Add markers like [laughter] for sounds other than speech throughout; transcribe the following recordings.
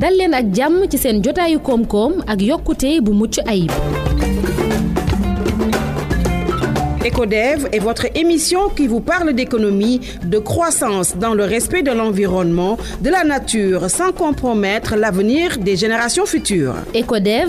dal leen ak jàmm ci seen jotaayu koom-koom ak yokkute bu mucc ayib EcoDev est votre émission qui vous parle d'économie, de croissance dans le respect de l'environnement, de la nature, sans compromettre l'avenir des générations futures. EcoDev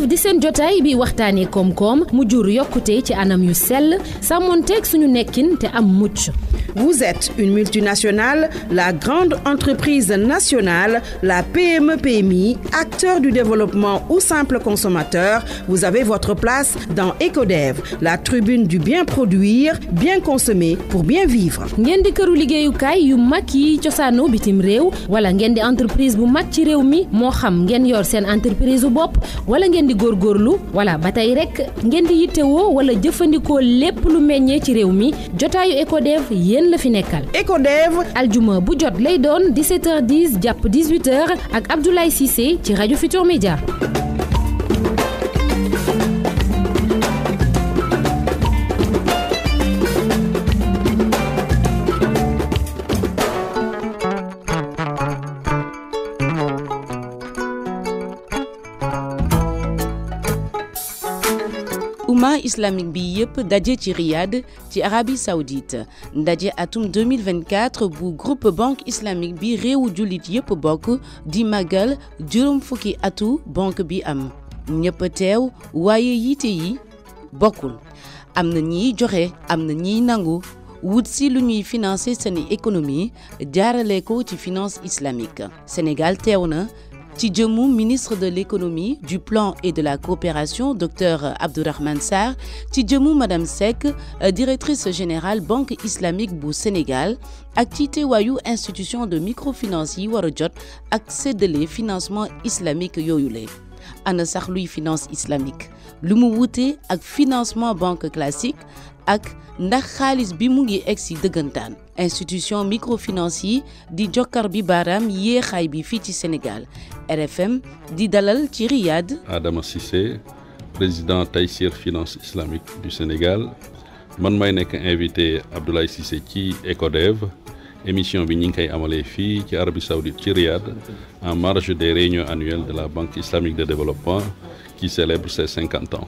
Vous êtes une multinationale, la grande entreprise nationale, la PME-PMI, acteur du développement ou simple consommateur, vous avez votre place dans EcoDev, la tribune du bien produit bien consommer pour bien vivre. ngeen di këru kay yu mag yi bitim rew wala di entreprise bu mag ci réew mi mo xam yor sen entreprise bop wala ngeen di gorlu wala batay rek ngeen di yittewoo wala jëfandikoo lépp lu meññee ci rew mi jotaayu ECODEV la fi nekkal. ECODEV aljuma bu jot lay doon 17h10 jàpp 18h ak Abdoulaye Cissé ci Radio Futur Média. mouvement islamique bi yëpp dajé ci Riyad ci Arabie Saoudite dajé atum 2024 bu groupe banque islamique bi réewu julit yëpp bokk di magal juróom fukki atu banque bi am ñëpp tew waaye yité yi bokkul amna ñi joxé amna ñi nangu wut si lu ñuy financer seen économie jaarale ko ci finance islamique Sénégal teew na Tidjemou, ministre de l'économie, du plan et de la coopération, Dr Abdourahman Sarr, Tidjemou, Madame Sek, euh, directrice générale Banque islamique Bou Sénégal, Activité Wayou institution de microfinance yi accède les financements islamiques financement islamique ana finance islamique financement banque classique ak Nakhalis Bimungi bi de institution microfinancière di jokkar bi baaraam Sénégal RFM di dalal ci Riyad. Adama Cissé président Taïsir finance islamique du Sénégal man may nek invité Abdoulaye Cissé ci ECODEV émission bi ñi qui koy ci Arabie Saoudite ci en marge des réunions annuelles de la Banque islamique de développement qui célèbre ses 50 ans.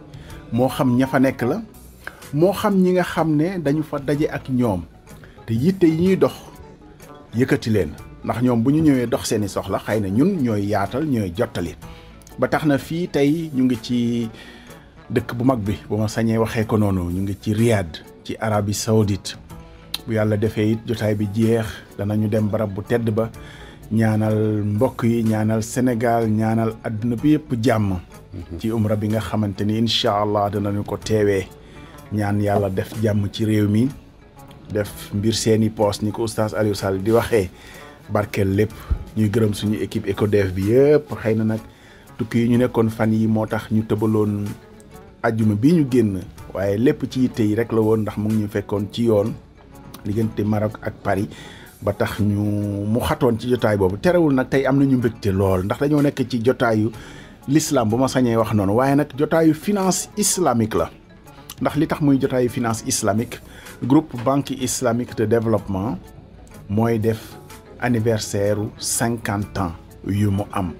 moo xam ña fa nekk la moo xam ñi nga xam ne dañu fa daje ak ñoom te yitte yi ñuy dox yëkkati leen ndax ñoom bu ñu ñëwee dox seeni soxla xay na ñun ñooy yaatal ñooy jottali ba tax na fii tey ñu ngi ci dëkk bu mag bi bu ma sañee waxee ko noonu ñu ngi ci Riyad ci Arabie Saoudite bu yàlla defee it jotaay bi jeex danañu dem barab bu tedd ba ñaanal mbokk yi ñaanal Sénégal ñaanal àdduna bi yëpp jàmm ci umra bi nga xamante ni incha allah danañu ko teewee ñaan yàlla def jàmm ci réew mi def mbir seeni poos ni ko oustaz Aliou Sall di waxee barkeel lépp ñuy gërëm suñu équipe ECODEF bi yëpp xëy na nag tukki yi ñu nekkoon fan yi moo tax ñu tëbaloon ajjuma bi ñu génn waaye lépp ci yitte yi rek la woon ndax mu ngi ñu fekkoon ci yoon diggante Maroc ak Paris ba tax ñu mu xatoon ci jotaay boobu terewul nag tey am na ñu mbégte lool ndax dañoo nekk ci l'islam bu ma sañé wax non waaye nak jotaayu finance islamique la ndax li tax muy jotaayu finance islamique groupe banque islamique de développement moy def anniversaire 50 50 ans yu mu am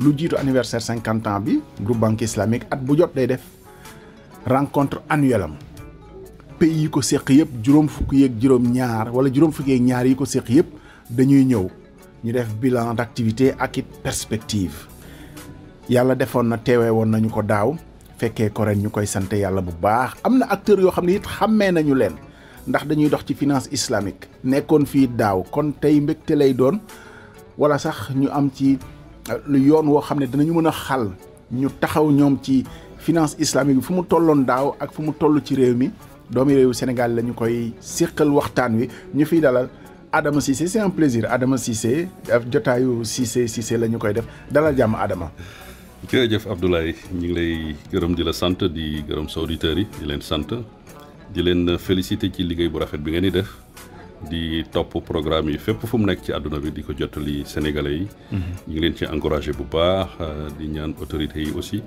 lu jitu anniversaire 50 ans bi groupe banque islamique a bu jot day def rencontre annuelle am pays yi ko séq yépp juróom fukk yeeg juróom ñaar wala juróom fukk yeeg ñaar yi ko séq yëpp dañuy ñëw ñu def bilan d'activité ak it perspective yàlla defoon na teewee woon nañu ko daaw fekkee ko ren ñu koy sante yàlla bu baax am na acteurs yoo xam ne it xàmmee nañu leen ndax dañuy dox ci finance islamique nekkoon fii daaw kon tey mbégte lay doon wala sax ñu am ci euh, lu yoon woo xam ne dinañu mën a xal ñu taxaw ñoom ci finance islamique bi fu mu tolloon daaw ak fu mu toll ci réew mi doomi réewu Sénégal lañu koy séqal waxtaan wi ñu fiy dalal Adama Cissé c'est un plaisir Adama Cissé euh, jotaayu Cissé Cissé la ñu koy def dalal jàmm Adama Kira Abdoulaye ñu ngi lay gërëm di la sante di gërëm sa auditeurs yi di leen sante di leen féliciter ci liggéey bu rafet bi ngeen di def di top programme yi fepp fu mu nekk ci aduna bi di ko jottali sénégalais yi mhm. ñi ngi leen ci encourager bu baax di ñaan autorité yi aussi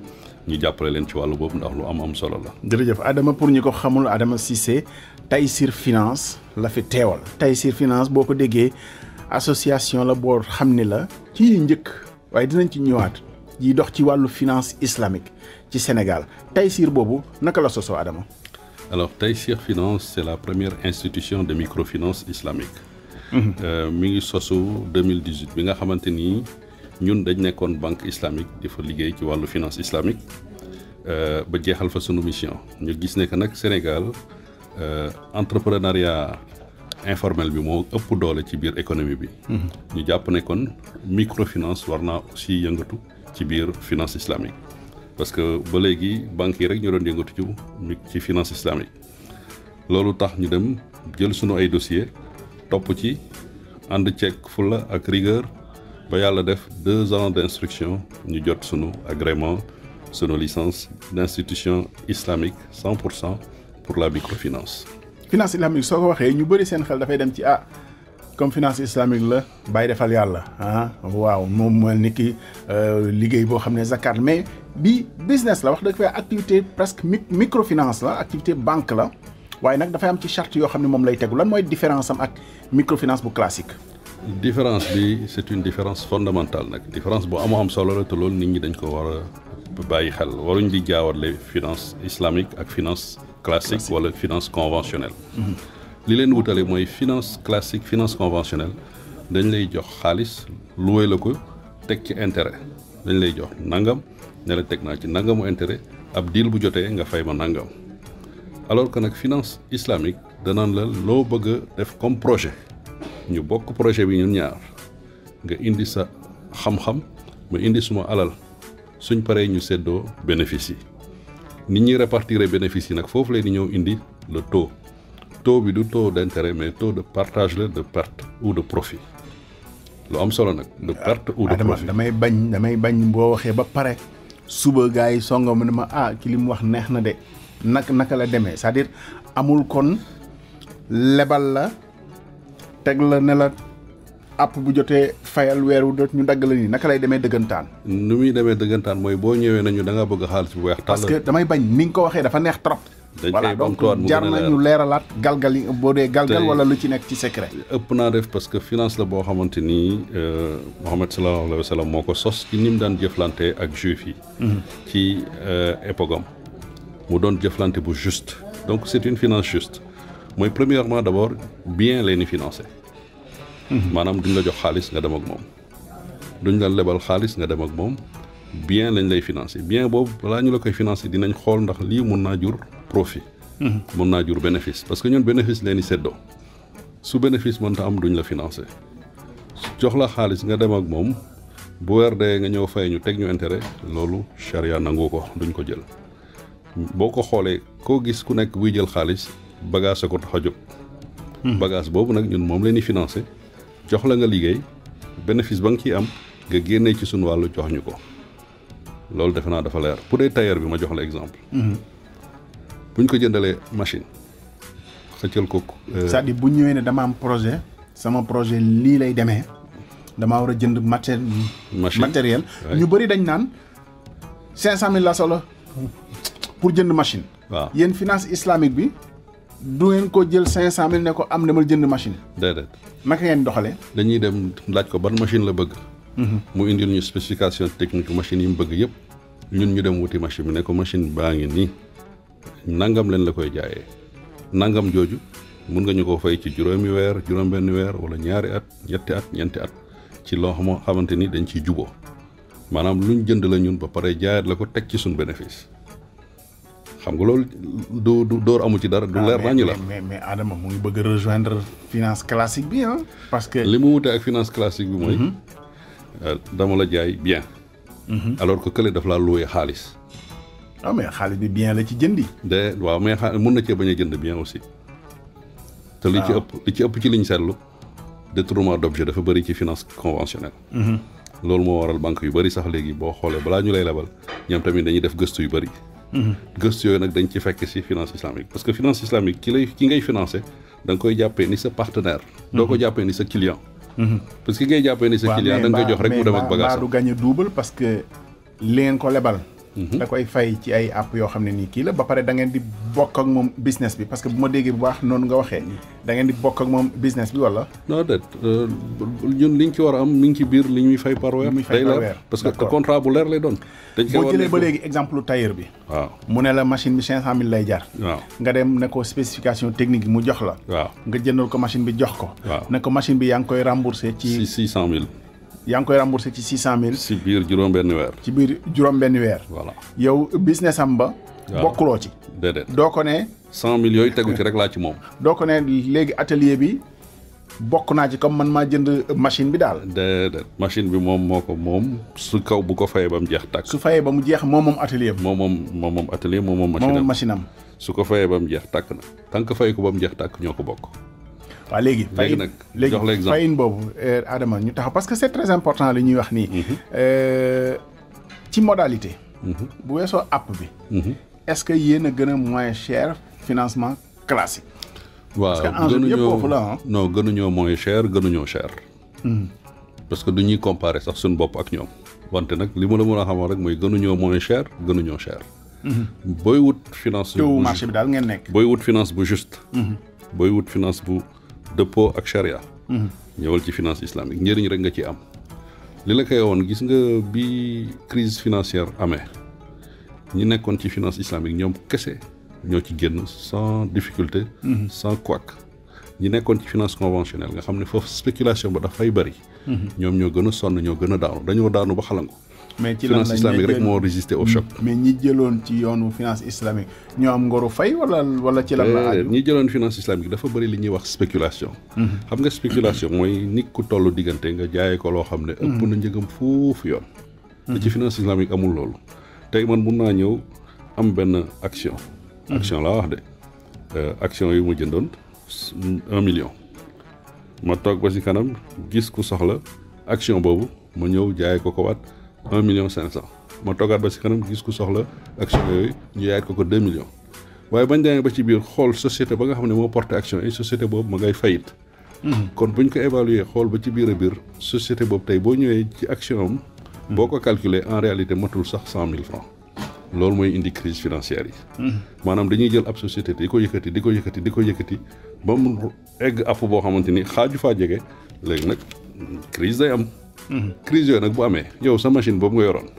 ñu jàppale leen ci wàllu boobu ndax lu am am solo la jërëjëf adama pour ñi ko xamul adama Cissé Taysir Finance la fi teewal Taysir Finance boo ko déggee association la boo xam ni la ci njëkk waaye dinañ ci ñëwaat qui dox ci wàllu finance islamique ci Sénégal Taysir boobu naka la soso Adama. alors Taysir Finance c'est la première institution de microfinance islamique. Mhm. Euh, mi ngi soso 2018 bi nga xamante ni ñun dañ nekkoon banque islamique di fa liggéey ci wàllu finance islamique euh, ba jeexal fa sunu mission ñu gis ne que nag Sénégal euh, entrepreneuriat. informel bi moo ëpp doole ci biir économie bi. Mhm. ñu jàpp ne kon microfinance war naa aussi yëngatu ci biir finance islamique parce que ba léegi banques yi rek ñu doon yëngatu ci ci finance islamique loolu tax ñu dem jël sunu ay dossier topp ci ànd ceeg fulla ak rigueur ba yàlla def deux ans d'instruction ñu jot sunu agrément sunu licence d'institution islamique 100 pour pour la microfinance finance islamique soo ko waxee ñu bëri seen xel dafay dem ci ah comme finance islamique la bàyyi defal yalla ah waaw mom mel ni ki euh, liggéey boo xam ne zakat mais bi business la wax dëgg fa activité presque microfinance la activité banque la nak da fay am ci charte yo xamné mom lay tegu lan moy différence am ak microfinance bu classique. différence bi c'est une différence fondamentale nak différence bu am am solo la te lol nit ñi dañ ko wara a xel waruñ di jaawale finance islamique ak finance classique wala finance conventionnelle. Mhm li leen wutale mooy finance classique finance conventionnelle dañ lay jox xaalis loué la ko teg ci intérêt dañ lay jox nangam ne la teg naa ci nangamu intérêt ab deal bu jotee nga fay ma nangam alors que nag finance islamique danaan la loo bëgg def comme projet ñu bokk projet bi ñun ñaar nga indi sa xam-xam ma indi suma alal suñ paree ñu séddoo bénéfice yi nit ñi répartiré bénéfice yi nag foofu lay di ñëw indi le taux taux bi du taux d'intérêt mais taux de partage la de perte ou de profit lu am solo nag. de perte ou de profit damay bañ damay bañ boo waxee ba pare suba gars yi songo ma ne ma ah ki li mu wax neex na de nak naka la demee c'est-à-dire amul kon lebal la teg la ne la app bu jotee fayal weeru dot ñu dagg la nii naka lay demee dëggantaan. nu muy demee dëggantaan mooy boo ñëwee nañu da nga bëgg xaalis bu weex. tàll parce que damay bañ ni nga ko waxee dafa neex trop. voilà donc jar na leeralaat galgal boo dee galgal wala lu ci nekk ci secret ëpp naa def parce que finance la boo xamante nii euh, Mohamed sallallahu alayhi wa sallam moo ko sos ci ni mu daan jëflante ak juif yi mhm. ci euh, épogam mu doon jëflante bu juste donc c'est une finance juste mooy premièrement d'abord bien leen i financé mhm. maanaam duñ la jox xaalis nga dem ak moom duñ la lebal xaalis nga dem ak moom bien lañ lay financé bien boobu balaa ñu la koy financé dinañ xool ndax lii mun naa jur profit. mën naa jur bénéfice parce que ñun bénéfice leen di seddoo su bénéfice mënta am duñ la financé jox la xaalis nga dem ak moom bu weer dee nga ñëw fay ñu teg ñu intérêt loolu charia nangu ko duñ ko jël boo ko xoolee koo gis ku nekk buy jël xaalis bagage a ko tax a jóg. Hmm. bagage boobu nag ñun moom leen di financé jox la nga liggéey bénéfice ba nga ciy am nga génnee ci suñu wàllu jox ñu ko loolu defe naa dafa leer pour dee tailleur bi ma jox la exemple. Hmm. bu ñu ko jëndalee machine xëccal ko. Euh, cest bu ñëwee ne dama am projet sama projet lii lay demee damaa war a jënd maté matériel. ñu bëri dañ naan cinq cent mille la solo pour jënd machine. waaw yéen finance islamique bi du ngeen ko jël cinq cent mille ne ko am demal jënd machine. déedéet naka ngeen doxale dañuy dem laaj ko ban machine la bëgg. Mhm. mu indil ñu spécification technique machine yi mu bëgg yëpp ñun ñu dem wuti machine bi ne ko machine baa ngi nii. nangam len la koy jaayé nangam joju mën nga ñuko fay ci juroomi wër juroom benn wër wala ñaari at ñetti at ñenti at ci lo xamoo xamanteni dañ ci jubo manam luñ jënd la ñun ba paré jaayat la ko tek ci sun bénéfice xam nga loolu do do amu ci dara du ah, leer nañu la mais mais adama mu ngi bëgg rejoindre finance classique bi hein parce que limu wuté ak finance classique bi moy mhm. euh, dama la jaay bien mhm. alors que kële daf la louer xaalis ah mais xaalis bi bien la ci jëndi. de waaw mais xaalis mun na cee bañ a jënd bien aussi. te li ci ah. ëpp li ci ëpp ci liñ seetlu détournement d' objet dafa bëri ci finance conventionnelle. Mhm. loolu moo waral banque yu bëri sax léegi boo xoolee balaa ñu lay lebal ñoom tamit dañuy def gëstu yu bëri. Mhm. gëstu yooyu nag dañ ci fekk si finance islamique parce que finance islamique ki lay ki ngay financé da nga koy jàppee ni sa partenaire. Mhm. doo ko jàppee ni sa client. parce que ngay jàppee ni sa client da nga koy jox rek mu dem ak bagage. waaw mais du gagné double parce que leen ko lebal. Mhm. da koy fay ci ay app yoo xam ne nii kii la ba pare da ngeen di bokk ak moom business bi parce que bu ma déggee bu baax noonu nga waxee da ngeen di bokk ak moom business bi wala. non déet euh, ñun liñ ci war a am mi ngi ci biir li ñuy fay par weer. day leer parce que contrat bu leer lay doon. dañ koy boo ba léegi exemple lu tailleur bi. waaw mu ne la machine bi 500000 lay jar. waaw nga dem ne ko spécification technique mu jox la. waaw nga jëndal ko machine bi jox ko. waaw ne ko bi yaa ngi koy remboursé ci. 600000. yaa ngi koy remboursé ci six cent mille. ci biir juróom-benn weer. ci biir juróom-benn weer. voilà yow business am ba. bokkuloo ci. déedéet doo ko ne. cent mille yooyu tegu ci rek laa ci moom. [laughs] doo ko ne léegi atelier bi bokk naa ci comme man maa jënd machine bi daal. déedéet machine bi moom moo ko moom su kaw bu ko fayee ba mu jeex tàkk. su fayee ba mu jeex moom moom atelier am. moom moom moom atelier moom moom. am su ko fayee ba mu jeex tàkk na tant que fay ko ba mu jeex tàkk ñoo ko bokk. waaw léegi léegi nag jox la exemple fayin boobu eh, Adama ñu taxaw parce que c'est très important li ñuy wax nii mhm. euh, ci modalité mhm. bu weesoo app bi mhm. est-ce que yéen a gën a moins cher financement classique waaw gënuñoo foofu la hein? non gënuñoo moins cher gënuñoo cher parce que duñuy comparer sax suñu bopp ak ñoom wante nag li ma la mën a xamal rek mooy gënuñoo moins cher gënuñoo cher booy wut finance marché bi daal ngeen nekk booy wut finance bu juste booy wut finance bu Depo ak sharia mhm. ñewal ci finance islamique ñeriñ rek nga ci am li la kay won gis nga bi crise financière amé ñi nekkon ci finance islamique ñom kese ñoo ci génn sans difficulté mhm. sans couac ñi nekkon ci finance conventionnelle nga xam fofu spéculation ba fay bari mhm. ñom ñoo gëna a sonn ñoo gëna daanu dañoo daanu ba xalangu mais ci finance islamique rek moo résister au choc. mais ñi jëloon ci yoonu finance islamique ñoo am ngoru fay wala ci la la eh, ñi jëloon finance islamique dafa bëri li ñuy wax spéculation. Mhm. xam nga spéculation mooy nit ku tollu diggante nga jaaye ko loo xam ne. ëpp na mhm. njëgam foofu yoon. te ci mhm. finance islamique amul loolu. tey man mun naa ñëw am benn action. action laa wax de euh, action yu ma jëndoon un million. ma toog ba si kanam gis ku soxla action boobu ma ñëw jaay ko ko waat. un million cinq cent ma toggaat ba si kanam gis ku soxla action yooyu ñu yaayit ko ko deux millions waaye bañ demee ba ci biir xool société ba nga xam ne moo porté action yi société boobu ma ngay fayit hmm. kon ñu ko évaluer xool ba ci biir a biir société boobu tey boo ñëwee ci action am hmm. boo ko calculer en réalité matul sax cent mille francs loolu mooy indi crise financière yi hmm. maanaam dañuy jël ab société di ko yëkkati di ko yëkkati di ko yëkkati ba mu egg afu boo xamante ni xaaju faa jege léegi nag crise am crise yooyu nag bu amee yow sa machine boobu nga yoroon.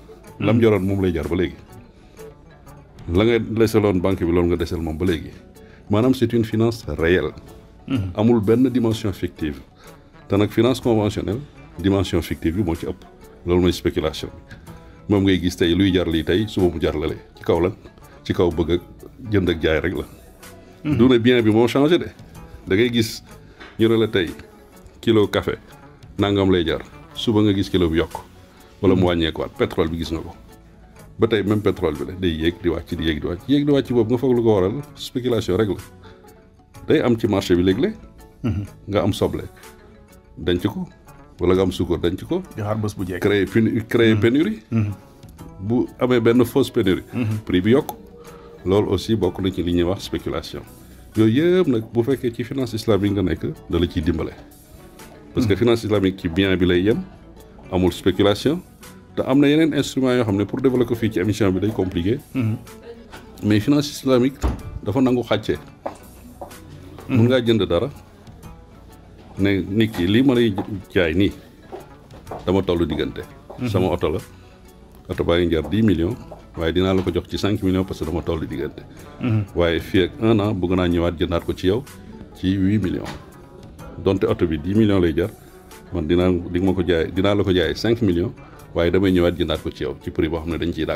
lam hmm. yoroon moom lay jar ba léegi. la nga deseloon banque bi loolu nga deseel moom ba léegi maanaam c'est une finance réelle. Hmm. amul benn dimension fictive. te nag finance conventionnel dimension fictive bi moo ci ëpp loolu mooy spéculation moom ngay gis tey luy jar lii tey suba mu jar lale ci kaw lan ci kaw bëgg ak jënd ak jaay rek la. Hmm. du bien bi moo changé de da ngay gis ñu ne la tey kilo kafe nangam lay jar. suba nga gis kilo bi yokk wala mu mm-hmm. wàññeekuwaat pétrole bi gis nga ko ba tey même pétrole bi la day yéeg di wàcc di yéeg di wàcc yéeg di wàcc boobu nga foog lu ko waral spéculation rek la day am ci marché bi léeg-léeg mm-hmm. nga am soble denc ko wala nga am suukar denc ko di xaar bés bu jekk créer créer mm-hmm. pénurie bu amee benn fausse pénurie prix bi yokk loolu aussi bokk nañ ci li ñuy wax spéculation yooyu yëpp nag bu fekkee ci finance yi nga nekk da la ciy dimbale parce que finance islamique ci bien bi lay yam amul spéculation da amna yenen instrument yo xam pour développer fi ci émission bi day compliqué mm-hmm. mais finance islamique dafa nangou xatché mën nga jënd dara né nit ki li ma lay jaay ni dama tollu digënté mm-hmm. sama auto la auto ba ngi jar 10 millions waye dina la ko jox ci 5 millions parce que dama toll diggante mm-hmm. waye fi ak 1 an bëgg naa ñëwaat jëndaat ko ci yow ci 8 millions donte oto bi 10 millions lay jar man dinaa di ma ko jaay dinaa la ko jaay 5 millions waaye damay ñëwaat jëndaat ko ci yow ci boo xam ne dañ ciy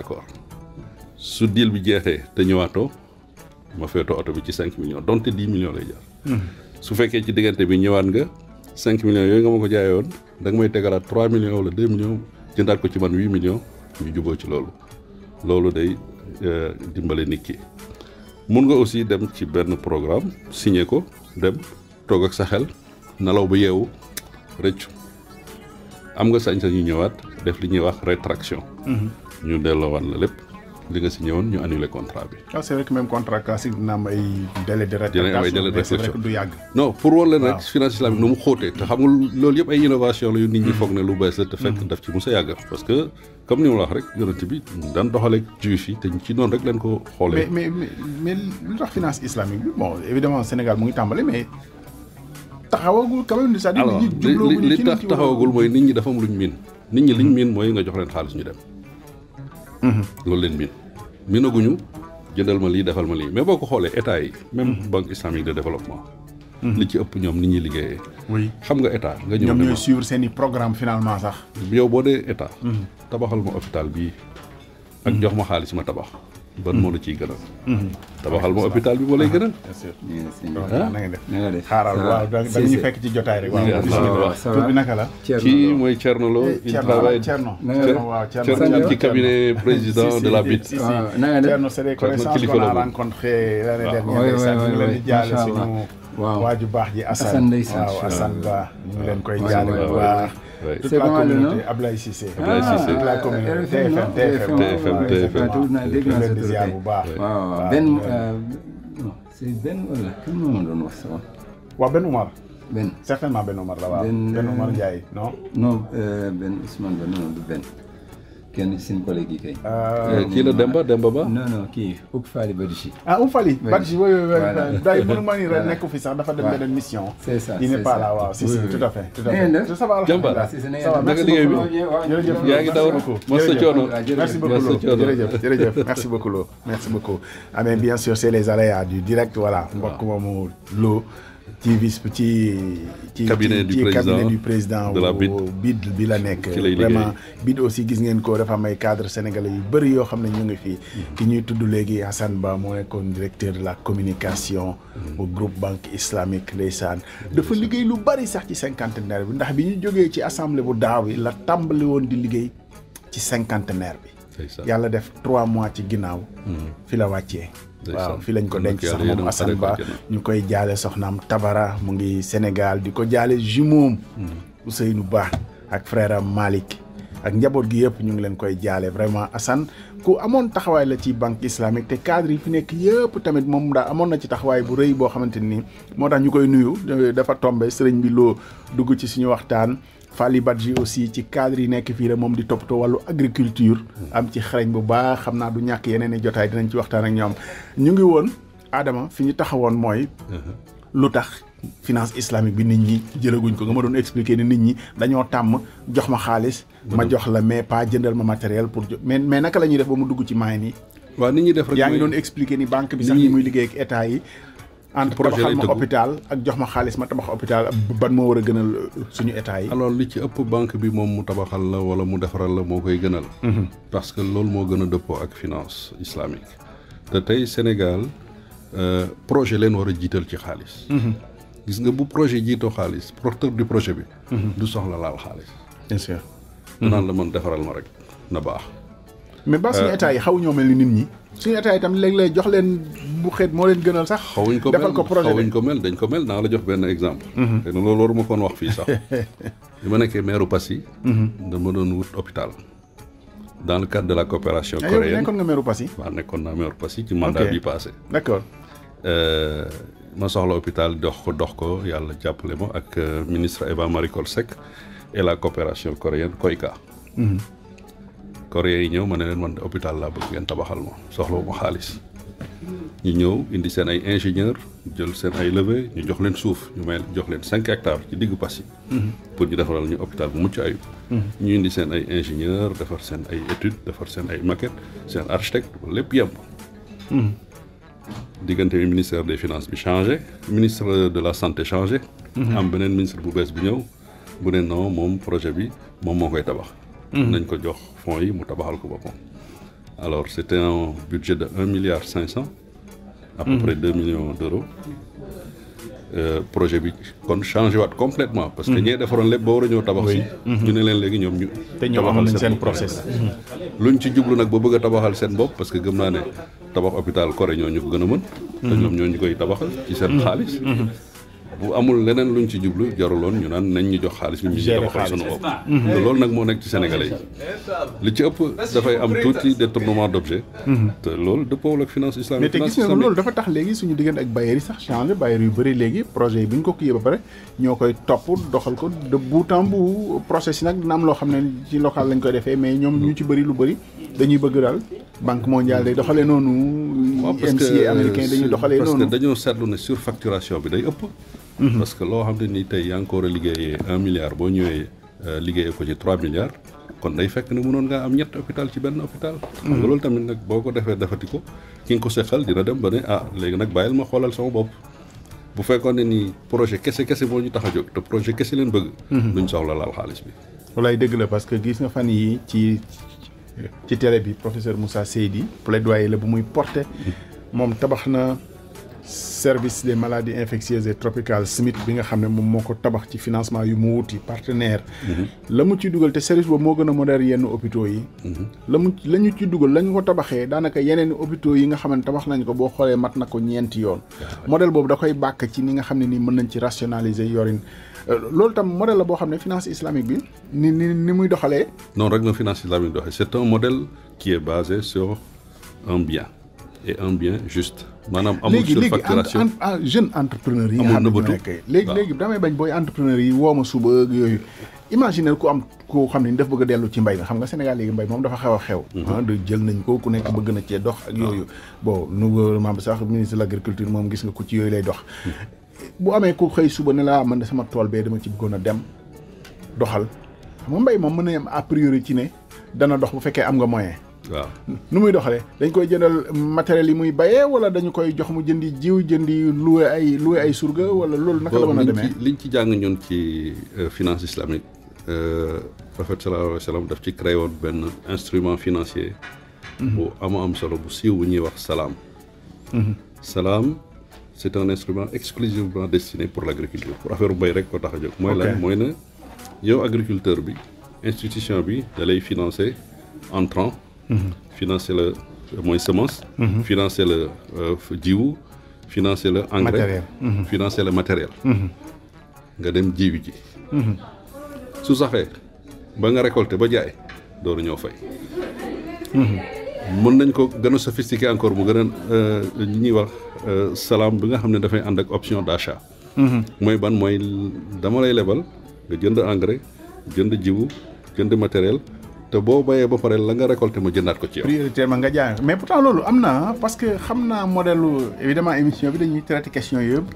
su deal bi jeexee te ñëwaatoo ma feetoo oto bi ci 5 millions donte 10 millions lay jar. Hmm. su fekkee ci diggante bi ñëwaat nga cinq millions yooyu nga ma ko jaayoon danga nga may tegalaat 3 millions wala 2 millions jëndaat ko ci man 8 millions ñu juboo ci loolu loolu day euh, dimbale nit ki. mun nga aussi dem ci benn programme signé ko toog ak sa xel. nalaw ba yeewu rëccu am nga sañ sa ñu ñëwaat def li ñuy wax rétraction mhm. ñu delloowaat la lépp li nga signé ñëwoon ñu annuler contrat bi ah c'est vrai que même contrat ka classique dina am ay délai de rétraction du yàgg non pour won leen rek finance islamique nu mu xóotee te xam nga loolu yëpp ay innovation la yu nit ñi mhm. foog ne lu bees la te fekk mhm. daf ci musa yàgg parce que comme ni mu la wax rek yonent bi daan doxaleeg juif yi te ci noonu rek leen ko xoolee mais mais mais lu tax finance islamique bi bon évidemment Sénégal mu ngi tàmbale mais taxawagul quand même c'est à dire nit ñi li tax taxawagul mooy nit ñi dafa am luñ miin nit ñi liñ miin mooy nga jox leen xaalis ñu dem mhm. loolu leen miin miinaguñu jëndal ma lii defal ma lii mais boo ko xoolee état yi même mhm. banque islamique de développement mhm. li ci ëpp ñoom nit ñi liggéeyee oui xam nga état nga ñëw ñoom suivre seen programme finalement sax yow état tabaxal hôpital ak jox ma xaalis ma tabax ban hmm. moo la ciy gënal. Hmm. tabaxal ma hôpital bi moo lay gënal. bien sûr ah, na xaaral waaw da nga ñu fekk ci jotaay rek. waaw tur bi naka la. kii mooy Thierno Lo eh, il travaille Thierno waaw Thierno ci cabinet président de la BIT. Ah, na nga def Thierno c'est des connaissances qu'on a rencontré l'année ah, waaw waa ju baax ji Assane waaw Assane Ba leen koy jaale bu baax toute la communauté ah, Ablaye Cissé toute la communauté TFM TFM TFM TFM dégg naa bu baax euh, ma doon wax sama waaw benn Umar benn certainement benn Umar la waaw benn Umar euh, Ndiaye non euh, kenn seen collègue qui ah, est euh, kii la Demba Demba Ba. non non kii Oukfali Badji. ah Oukfali Badji oui oui oui. daay mënu ma ni rek fi sax dafa dem beneen mission. ça il n'est pas là oui, oui, tout à fait. tout à fait ça va alhamdulilah ça va merci beaucoup Merci beaucoup. Merci daw Merci beaucoup. merci beaucoup merci beaucoup ah, merci beaucoup. bien sûr c'est les aléas du direct voilà mbokk moomu l'eau petit vice cabinet du président de la BID bi vraiment BID aussi vous ko cadre sénégalais Hassan directeur de la communication au groupe banque islamique Lesan. dafa beaucoup lu sax ci cinquantenaire bi ndax bi ñu ci assemblée bu la di le cinquantenaire bi a trois mois ci hmm. fi la waaw fi lañ ko denc sax moom Assane Ba ñu koy jaale soxnaam Tabara mu ngi Sénégal di ko jaale jumeau hmm. Ousseynou Ba ak frère am Malick ak njaboot gi yëpp ñu ngi leen koy jaale vraiment Assane ku amoon taxawaay la ci banque islamique te cadre yi fi nekk yëpp tamit moom daa amoon na ci taxawaay bu rëy boo xamante ni moo tax ñu koy nuyu dafa tombe sëriñ bi loo dugg ci suñu waxtaan Fali Badji aussi ci cadre yi nekk fii la moom di toppatoo walu agriculture am ci xarañ bu baax xam naa du ñàkk yeneen i jotaay dinañ ci waxtaan ak ñoom ñu ngi woon Adama fi ñu taxawoon mooy lu tax finance islamique bi nit ñi jëlaguñ ko nga ma doon expliquer ni nit ñi dañoo tàmm jox ma xaalis ma jox la mais pas jëndal ma matériel pour mais mais naka la ñuy def ba mu dugg ci maay nii waaw nit ñi def rek yaa ngi doon expliquer ni banque bi sax ni muy liggéey ak état yi entre tabax ma hôpital ak jox ma xaalis ma tabax hôpital ban moo war a gënal suñu état yi alors li ci ëpp banque bi moom mu tabaxal la wala mu defaral la moo koy gënal mhm. parce que loolu moo gën a dëppoo ak finance islamique te tey sénégal euh, projet leen war a jiital ci xaalis mhm. gis nga bu projet jiitoo xaalis porteur du projet bi mhm. du soxla laal xaalis bien sûr naan la man defaral ma rek na baax mais ba euh, état yi mel ni nit ñi suñu état yi tam jox leen bu mo leen gënal sax ko ko projet ko mel dañ ko mel la jox exemple mhm. wax [laughs] ma maire mhm. dama wut hôpital dans le cadre de la coopération ah, coréenne nga maire maire ci mandat passé d'accord euh, ma soxla hôpital dox dox ko ak euh, ministre Eva Marie Kolsek et la coopération coréenne COICA coréen yi ñëw ma ne leen man de hôpital laa bëgg ngeen tabaxal ma soxlawu ma xaalis ñu ñëw indi seen ay ingénieur jël seen ay levé ñu jox leen suuf ñu may jox leen cinq hectares ci diggu Passy pour ñu defaral ñu hôpital bu mucc ayib ñu indi seen ay ingénieur defar seen ay étude defar seen ay maquette seen architecte lépp yemb diggante bi ministère des finances bi changé ministre de la santé changé am beneen ministre bu bees bu ñëw bu ne non moom projet bi moom moo koy tabax nañ ko jox fonds yi mu tabaxal ko boppam alors c' était un budget de 1 milliard cinq à peu mhm. près 2 millions d'euros euh, projet bi kon changé waat complètement parce que mhm. ñee defaroon lépp ba war a ñëw tabax si mhm. ñu ne leen léegi ñoom ñu tabaxal seen process luñ ci jublu nag ba bëgg a tabaxal seen bopp parce que gëm naa ne tabax hôpital Corée ñoo ñu ko gën a mën te ñoom ñoo ñu koy tabaxal ci seen xaalis bu amul leneen luñ ci jublu jaruloon ñu naan nañ ñu jox xaalis bi ñu ñu tabaxal sunu bopp te loolu nag moo nekk ci sénégalais yi li ci ëpp dafay am tuuti détournement d' objet mhm. te loolu dëppoowul ak finance islamique mais te gis nga loolu dafa tax léegi suñu diggante ak bailleurs yi sax changé bailleurs yu bëri léegi projet yi bu ñu ko kiyee ba pare ñoo koy topp doxal ko de bout en bout process nag dina am loo xam ne ci local lañ koy defee mais ñoom ñu ci bëri lu bëri dañuy bëgg daal banque mondiale day doxale noonu mca américain dañuy doxale noonu parce que dañoo seetlu ne surfacturation bi day ëpp Mm-hmm. parce que loo xam ne ni tey yaa a liggéeyee un milliard boo ñëwee euh, liggéeyee ko ci trois milliards. kon day fekk ne mënoon ngaa am ñetti hôpital ci benn hôpital. Mm-hmm. xam nga loolu tamit nag boo ko defee defati ko ki ko seqal dina dem ba ne ah léegi nag bàyyil ma xoolal sama bopp. bu fekkoon ne nii projet kese kese boo ñu tax a jóg te projet kese leen bëgg. Mm-hmm. duñ soxla laal xaalis bi. walaay dëgg la parce que gis nga fan yi ci ci télé bi professeur Moussa Seydi plaidoyer la bu muy porté moom tabax na. service des maladies infectieuses et tropicales smith bi nga xam mom moko tabax ci financement yu mu wuti partenaire mhm. la mu ci dugal te service boobu mo gëna a yenn hôpitaux yi mhm. la mu ci dugal lañ ko tabaxé danaka yeneen hôpitaux yi nga xam tabax nañ ko bo xolé mat na ko ñent yoon modèle bobu da koy bak ci ni nga xam ni mën nañ ci rationaliser yorin euh, loolu tam modèle la bo xam finance islamique bi ni ni ni muy doxalee non rek la finance islamique doxalee c'est un modèle qui est basé sur un bien et un bien juste maanaam amul surfacturation léegi léegi ah, jeune entrepreneur yi. amul nëbëtu nga xam léegi léegi damay bañ booy entrepreneur yi woo ma suba ak yooyu. imaginer ku am ku xam ne ni daf bëgg dellu ci mbay mi xam nga Sénégal léegi mbay moom dafa xew a xew. Mhm. Ah, jël nañ ko ku nekk bëgg na cee dox ak yooyu. bon nu gouvernement bi sax ministre la l'agriculture moom gis nga ku ci yooyu lay dox. Mhm. bu amee ku xëy suba ne laa ah, man sama tool bee dama ci bëggoon a dem doxal xam nga mbay moom mën na am a priori ci ne dana dox bu fekkee am nga moyen waaw nu muy doxalee dañ koy jëndal matériel yi muy bayee wala dañu koy jox mu jëndi jiw jëndi loué ay loué ay surga wala loolu naka la mën a demee liñ ci jàng ñun ci euh, finance islamique euh, prophète sallallahu alayhi wasallam daf ci créé woon benn instrument financier mhm. bu ama am solo bu siiw bu ñuy wax salaam mhm. salaam c'est un instrument exclusivement destiné pour l'agriculture pour affaire mbay rek ko tax a jóg mooy lan mooy ne yow agriculteur bi institution bi da lay financer entrant Mhm. financer la mooy semence. Mhm. financer la euh, jiwu financer le engrais. Mhm. financer le matériel. nga dem jiwi ji. su saxee ba nga récolter ba jaay dooru ñoo fay. mën nañ ko gën a sophistiqué encore mu gën a li euh, ñuy wax euh, salaam bi nga xam ne dafay ànd ak option d'achat. mooy ban mooy dama lay lebal nga jënd engrais jënd jiwu jënd matériel. te boo bayee ba pare la nga récolter mu jëndaat ko ci yow priorité ma nga jaay mais pourtant loolu am na parce que xam naa modèle évidemment émission bi dañuy traiter question yëpp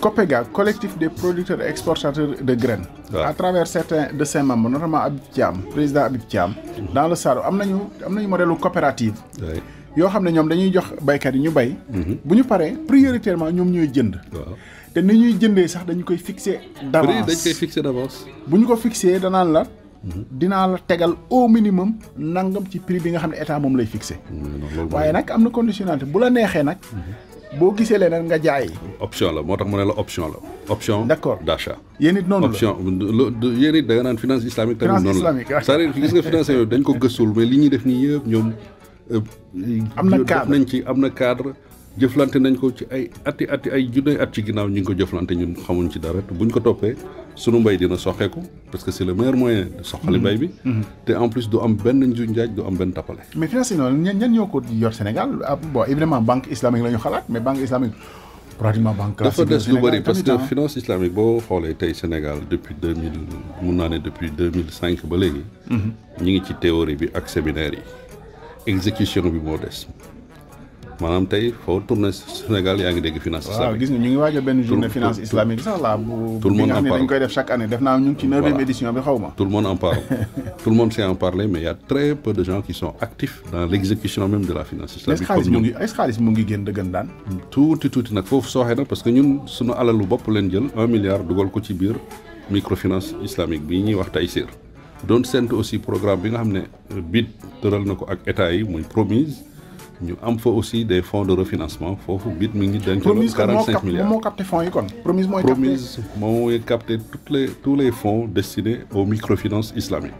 COPEGA, collectif des producteurs et exportateurs de graines, ouais. à travers certains de ses membres, notamment Abib Thiam, président Abib Thiam, mmh. dans le Saro, am nañu am nañu modèle coopérative. Ouais. yoo xam ne ñoom dañuy jox baykat yi ñu bay. Mm-hmm. bu ñu paree prioritairement ñoom ñooy jënd. te ni ñuy jëndee sax dañu koy fixer d'avance. dañ koy fixer d'avance. bu ñu ko fixer danaan la dina la tegal au minimum nangam ci prix bi nga xam état mom lay fixé. waye nak amna conditionnalité bu la nak bo mhm. boo lé nak nga jaay. option la motax tax mu la option la. option d'accord d'achat yénit non option yénit da nga naan finance islamique tamit non la c' dire gis nga finance dañ ko gëssul mais li ñi def ni yépp ñom euh, amna cadre cadre. jëflante nañ ko ci ay ati ati ay junne at ci ginnaaw ñu ngi ko jëflante ñu xamuñ ci dara buñ ko toppee sunu mbay dina soxeeku parce que c' est le meilleur moyen de soxali mm-hmm. mbay bi. Mm-hmm. te en plus du am benn njuñ njaaj du am benn tappale. mais financement ñan ñan ñoo ko yor Sénégal ah, bon évidemment banque islamique la ñu xalaat mais banque islamique pratiquement banque classique. dafa des lu bëri parce que finance islamique boo xoolee tey Sénégal depuis deux mun naa ne depuis ba léegi. Mm-hmm. ñu ngi ci théorie bi ak séminaire yi. exécution bi moo des. maanaam tey foo tourné Sénégal yaa ngi dégg finance islamique. waaw gis nga ñu ngi waajal benn journée finance islamique sax la bu. tout le monde en parle koy def chaque année def naa ñu ci 9e édition bi xawma tout le monde en parle [laughs] tout le monde sait en parler mais il y a très peu de gens qui sont actifs dans l'exécution même de la finance islamique. comme ñun est ce xaalis mu ngi génn dëggan daan. tuuti tuuti nag foofu sooxee na parce que ñun suñu alalu bopp leen jël 1 milliard dugal ko ci biir microfinance islamique bi ñuy wax tay sir doon séntu aussi programme bi nga xam ne BID tëral na ko ak état yi muy promise. Nous avons aussi des fonds de refinancement pour bit mi ngi denc. 45 milliards. cinq milliards moo fonds yi kon. promise moi les tous les fonds destinés aux microfinances islamiques.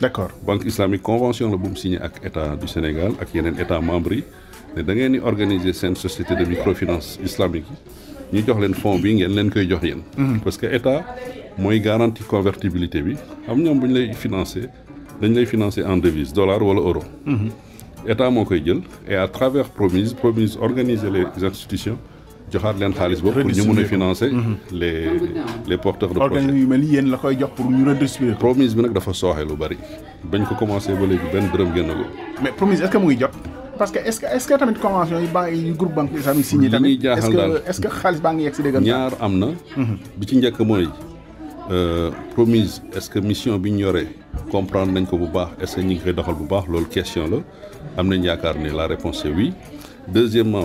D'accord. banque islamique convention le boom signé avec l'État du Sénégal avec un état membres Nous avons da ngeen société de microfinance islamique Nous avons jox fonds bi ngeen leen koy mhm. parce que état garantit garantie convertibilité Nous avons financé en devises, dollar ou euro. Mhm état mo koy jël et à travers Promise Promise organiser les institutions joxaat leen xaalis boobu pour ñu mun a financer. Mhm. les les porteurs de projet yu mel ni yéen la koy jox pour ñu redistribuer. Promise bi nag dafa sooxe lu bari bañ ko commencé ba léegi benn dërëm génnagul. mais Promise est-ce que mu ngi jot. parce que est-ce que est-ce que tamit convention yi banque yi groupe banque islamique signé tamit. est ce que est-ce que xaalis baa ngi yegg si dëgg ñaar am na. Mhm. bi ci njëkk mooy. Euh, Promise est-ce que mission bi ñu yore comprendre nañ ko bu baax est-ce que ñu ngi koy doxal bu baax loolu question la. am nañ yaakaar ne la réponse est oui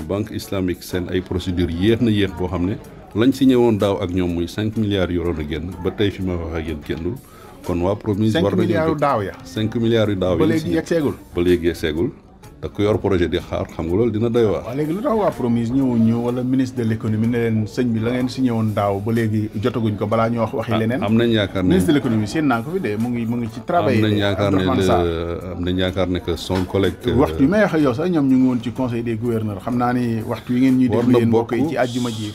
banque islamique seen ay procédures yéex na yéex boo xam ne lañ signé ñëwoon daaw ak ñoom muy cinq milliards yoroon a génn ba tey fi ma wax ak yéen génnul kon waa promise war nañu cinq milliards yu daaw ya cinq milliards yu daaw ya ba léegi yegg seegul ba léegi yegg seegul te ku yor projet di xaar xam nga loolu dina doy waar. waaw léegi lu tax waa promise ñëwoon ñu wala ministre de l' économie ne leen sëñ bi la ngeen signé woon daaw ba léegi jotaguñ ko balaa ñu wax waxi ah, leneen. am nañ yaakaar ne son collègue. Euh, waxtu yi may wax yow sax ñoom ñu ngi woon ci conseil des gouverneurs xam naa ni waxtu yi ngeen ñuy déglu yéen mbokk yi ci àjjuma ji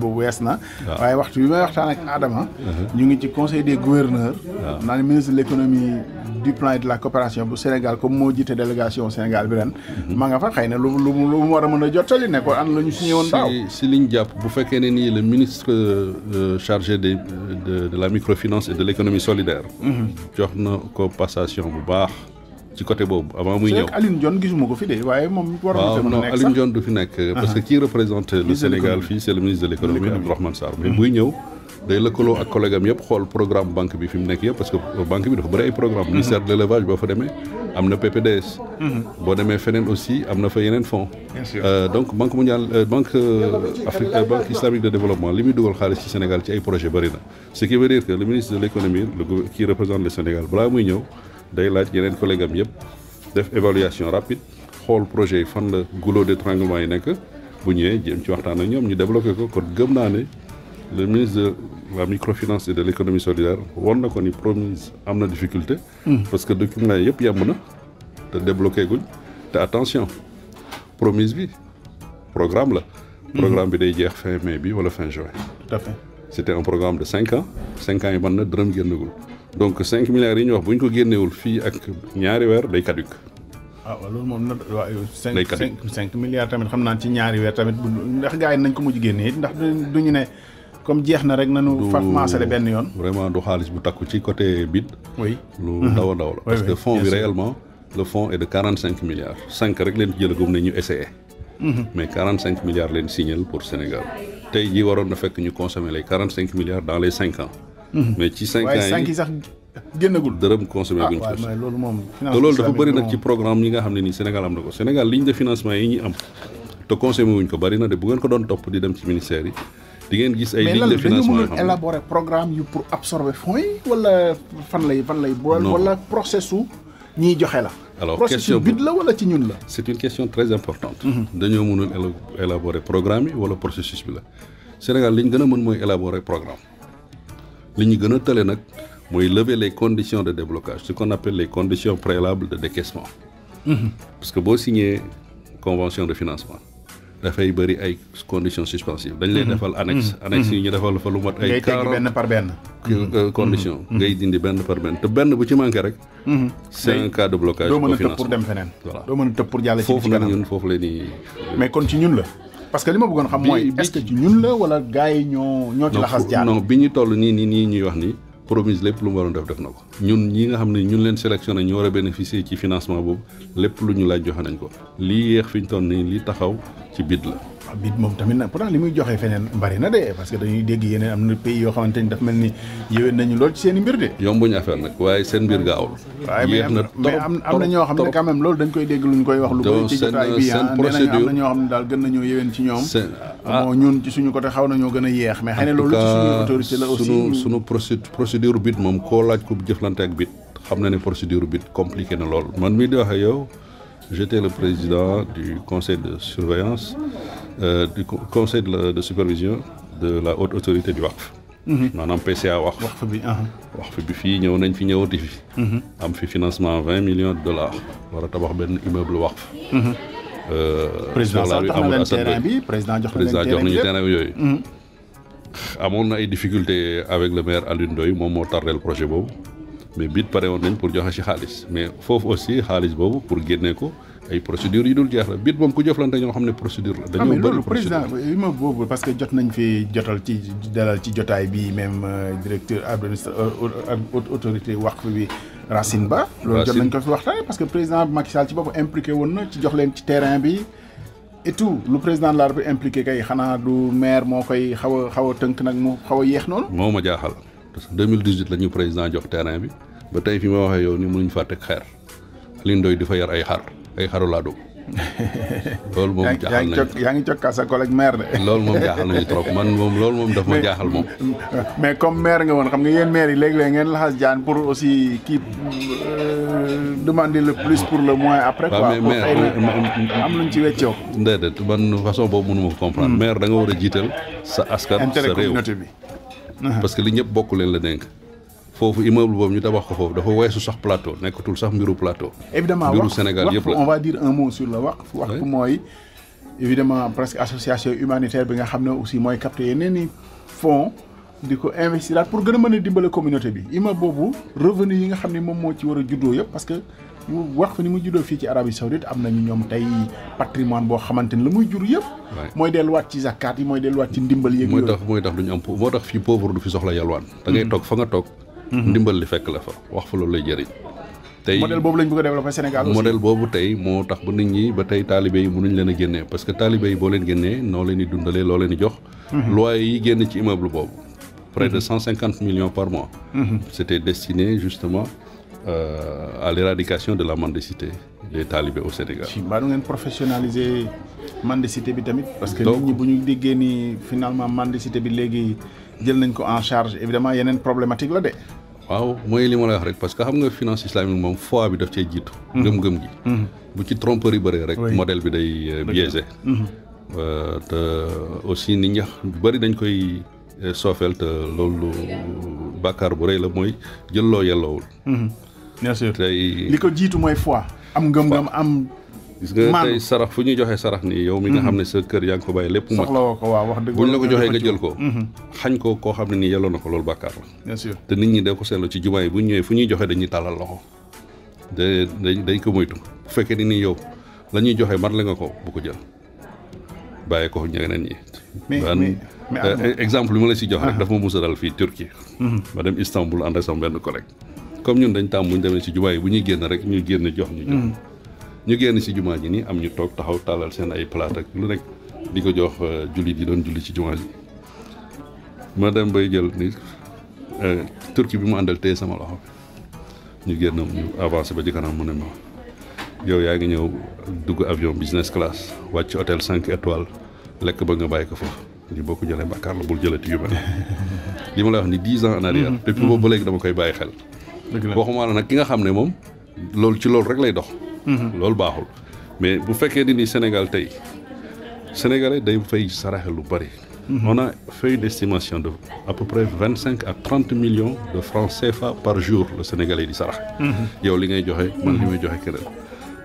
boobu wees na waaye waxtu yi may waxtaan ak Adama uh-huh. ñu ngi ci conseil des gouverneurs naa du plan et de la coopération pour Sénégal comme moo jiite délégation Sénégal bien ren. ma nga fa xëy lu lu lu mu war a mën a ne ko an lañu signé won ñëwoon daaw. si si bu fekké ne nii le ministre euh, chargé de de la microfinance et de l'économie solidaire. Mhm. jox na ko passation bu baax. ci côté boobu avant muy ñëw Aline Dione gisuma ko fi de waaye moom. waroon mëna non Alioune Dione du fi nekk. parce que qui représente le Sénégal fi c'est le ministre de l'économie Abdourahmane Sarr mais mhm. buy ñëw day lëkkaloo ak collègue am yëpp xool programme banque bi fi mu nekk yëpp parce que banque bi dafa bëri ay programme mhm. ministère de l'élevage boo fa demee am na PPDS mhm. boo demee feneen aussi am na fa yeneen fonds euh, donc banque mondiale euh, banque euh, afrique banque islamique de développement li muy dugal xaalis ci Sénégal ci ay projet bëri na ce qui veut dire que le ministre de l'économie qui représente le Sénégal balaa muy ñëw day laaj yeneen collègue am yëpp def évaluation rapide xool projet yi fan la goulot d'étranglement yi nekk bu ñëwee jéem ci waxtaan ak ñoom ñu développé ko kon gëm naa ne le ministre de la microfinance et de l'économie solidaire, on a une promesse on difficulté, hmm. parce que le document est bien bon, de débloquer. Mais attention, promise vie, programme, le hmm. programme mmh. de fin mai ou fin juin. Tout à fait. C'était un programme de 5 ans, 5 ans et bon, de ne Donc 5 milliards d'euros, vous ne gagnez pas, fille, avec Niari Wer, les caducs. Ah, alors, mon, 5, 5, 5 milliards, je ne sais pas si je sais pas si vous avez gagné, je pas comme jeex na rek nañu faf maasale benn yoon vraiment du xaalis bu takku ci côté bid oui lu mhm. ndaw a ndaw la parce que fonds bi réellement le fonds est de quarante cinq milliards cinq rek leen jëlagum ne ñu essayé e. mhm. mais quarante cinq milliards leen signal pour Sénégal tey ji waroon na fekk ñu consommer les quarante cinq milliards dans les cinq ans mhm. mais ci cinq ans yi sax génnagul dërëm consommé ah, guñ ci te loolu dafa bëri nag ci programme yi nga xam ne nii Sénégal am na ko Sénégal ligne de financement ko bëri na bu ngeen ko doon topp di dem ci ministère yi Mais ngeen gis ay lignes de financement élaborer programme pour absorber fonds yi wala fan lay fan lay. wala alors question bid la wala ci ñun la. c'est une question très importante. Mhm. dañu mënul élaborer programme yi wala processus bi la. Sénégal li gëna mën élaborer programme li gëna nak moy lever les conditions de déblocage ce qu'on appelle les conditions préalables de décaissement. Mhm. parce que bo signé convention de financement. dafay bëri ay conditions suspensives dañ lay mhm. defal annexe mhm. annexe yi ñu defal fa lu mat ay ngay teggi benn par benn euh, euh, mhm. te benn bu ci manqué rek c'est un blocage doo mën pour dem feneen voilà doo mën a tëb pour jàll ci foofu nag ñun foofu la ñuy mais kon ci ñun la parce que li ma bëggoon xam mooy est-ce que ci ñun la wala gars ñoo ñoo ci laxas jaar bi ñu toll nii nii nii ñuy wax nii promise lépp lu mu waroon def def na ko ñun ñi nga xam ne ñun leen sélectionné ñu war a bénéficier ci financement boobu lépp lu ñu laaj joxe nañ ko lii yéex fi ñu toll nii lii taxaw ci bid la bit moom tamit nag pourtant li muy joxe feneen bari na de parce que dañuy dégg yeneen am na pays yoo xamante ni daf mel ni yéwén nañu lool ci seen i mbir de. yombuñ affaire nag waaye seen mbir gaawul. yéex na trop na ñoo loolu dañ koy dégg luñ koy wax. lu koy ci jotaay bi ah nee nañu ñoo xam ah. suñu côté xaw nañoo gën a yéex. mais xëy na loolu ci suñu autorité la aussi suñu suñu procédure bit moom koo laaj ko jëflante ak bit xam na ne procédure bit compliqué na lool man mi di wax yow J'étais le président du conseil de surveillance, euh, du conseil de, de, supervision de la haute autorité du WACF. Je mhm. PCA WAKF WACF bi ah. WACF bi fii ñëw nañ fi ñëwati fi. Mhm. am fi financement 20 millions de dollars. pour a tabax immeuble WACF. Mhm. Euh, président Sall tax terrain bi président jox nañu terrain bi yooyu. amoon ay difficultés avec le maire Alun mon moom a le projet beau mais bit paré woon nañ pour joxe ci xaalis mais fofu aussi xaalis bobu pour génne ko ay procédure yi dul jeex la bit moom ku jëflante ñoo xamné procédure la dañu ah, bëri président ma bobu parce que jot nañ fi jotal ci dalal ci jotaay bi même euh, directeur administrateur euh, autorité waqf bi Racine Ba loolu jot nañ ko fi waxtaane parce que président Macky Sall ci boobu impliqué woon na ci jox leen ci terrain bi et tout le président de la République impliqué kay xanaa du maire moo koy xaw a xaw a tënk nag mu xaw a yéex noonu moo ma jaaxal 2018 la ñu président jox terrain bi ba tey fi ma waxee yow ni mënuñ faa teg xeer Alioune Ndoye difa yar ay xar ay xaru laa dugg [laughs] loolu moom jaaxal nañu yaa ngi cokka sa collègue maire de loolu moom jaaxal nañu trop man moom loolu moom daf ma jaaxal moom [laughs] mais comme maire nga woon xam nga yéen maire yi léeg-léeg ngeen laxas jaan pour aussi kii euh, demander le plus pour le moins après quoi mais maire am luñ ci weccoo déedéet man façon boobu mënuma ko comprendre hmm. maire da nga war a jiital sa askan sa réew parce que li ñëpp bokk leen la denk fofu immeuble bobu ñu tabax ko fofu dafa weesu sax plateau nekkatul sax mbiru plateau évidemment mbiru sénégal yépp on va dire un mot sur le waqf waqf moy évidemment presque association humanitaire bi nga xam aussi moy capté yeneen i fonds diko investir pour gëna mëna dimbalé communauté bi immeuble bobu revenu yi nga xam mom mo ci wara a juddoo yëpp parce que ñu wax fa ni mu juddoo fi ci arabie saoudite amna ñu ñom tay patrimoine bo xamanteni ni la muy jur moy del wat ci zakat yi del wat ci ndimbal yëg moy tax moy tax duñ am moo tax fii pauvre du fi soxla yalwan da ngay mm. tok fa nga tok Mm-hmm. ndimbal li fekk la fa wax fa loolu lay jëriñ. tey modèle boobu lañ bëgg a développé Sénégal aussi modèle boobu tey moo tax ba nit ñi ba tey taalibe yi mënuñ leen a génnee parce que taalibe yi boo leen génnee noo leen di dundalee loo leen di jox. Mm-hmm. loi yi génn ci immeuble boobu. près de 150 mm-hmm. millions par mois. c'était destiné justement euh, à l'éradication de la mendicité des talibés au Sénégal. ci mbaa du ngeen professionnaliser mendicité bi tamit. parce que nit ñi bu ñu déggee ni finalement mendicité bi léegi. jël nañ ko en charge évidemment yeneen problématique la de waaw mooy li ma lay wax rek parce que xam nga finance islamique moom foi bi daf cee jiitu hmm. gëm-gëm gi hmm. bu ci tromperie bëree rek modèle bi day euh, biaisé hmm. euh, te aussi nit ñi bari dañ koy euh, soofeel te loolu bàkkaar bu rëy la mooy jël loo yelloowul bien sûr tey li ko jiitu mooy foi am ngëm-ngëm am gis nga tey sarax fu ñuy joxee sarax nii yow mi nga mm-hmm. xam ne sa kër yaa ngi ko bàyyi lépp mat soxla ko waaw wax dëgg buñ la ko joxee nga ko mm-hmm. xañ ko koo xam ne nii yelloo na ko loolu bàkkaar la te nit ñi da ko seetlu ci jumaa yi buñ ñëwee fu ñuy joxee dañuy tàllal loxo da dañ ko moytu bu fekkee ni nii yow la ñuy joxee mat la nga ko bu ko jël bàyyi ko ñeneen yi mais euh, exemple bi ma la si jox rek ah. dafa ma musa dal fii Turquie mm-hmm. ma dem Istanbul ànd ak sama benn rek comme ñun dañ tàmm bu ñu demee si jumaa yi bu ñuy génn rek ñu génn jox ñu jox ñu génn ci jumaa ji ni am ñu toog taxaw tàllal seen ay palaat ak lu rek di ko jox euh, julli di doon julli ci jumaa ji ma dem bay jël ni euh, turki bi mu àndal téye sama loxo ñu génn ñu avancé ba ci kanam mu ne ma yow yaa ngi ñëw dugg avion business class wàcc hôtel 5 étoiles lekk ba nga bàyyi ko fa li boo ko jëlee la bul jëlati yu mel li ma lay wax ni 10 ans en arrière mm-hmm. depuis boobu ba léegi dama koy bàyyi xel mm-hmm. waxuma la nak ki nga xam mom lol ci lol rek lay dox Mm-hmm. loolu baaxul mais bu fekkee ni Sénégal tey sénégalais day fay saraxe lu bari. Mm-hmm. on a fait une estimation de à peu près vingt cinq à trente millions de francs CFA par jour le sénégalais di sarax. Mm-hmm. yow li ngay joxe man li may joxe keneen.